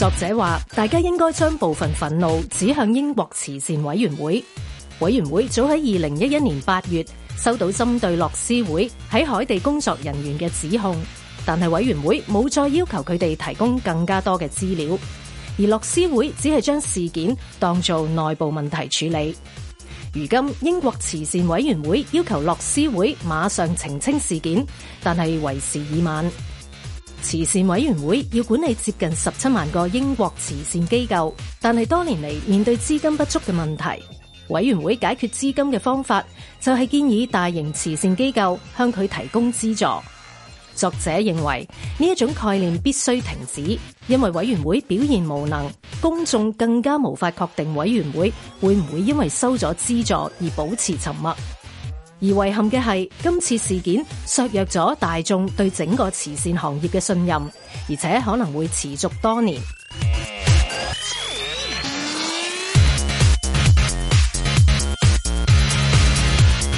作者話，大家應該將部分憤怒指向英國慈善委員會。委員會早喺二零一一年八月收到針對樂施會喺海地工作人員嘅指控，但係委員會冇再要求佢哋提供更加多嘅資料，而樂施會只係將事件當做內部問題處理。如今英國慈善委員會要求樂施會馬上澄清事件，但係為時已晚。慈善委員會要管理接近十七萬個英國慈善機構，但係多年嚟面對資金不足嘅問題，委員會解決資金嘅方法就係建議大型慈善機構向佢提供資助。作者認為呢一種概念必須停止，因為委員會表現無能，公眾更加無法確定委員會會唔會因為收咗資助而保持沉默。而遺憾嘅係，今次事件削弱咗大眾對整個慈善行業嘅信任，而且可能會持續多年。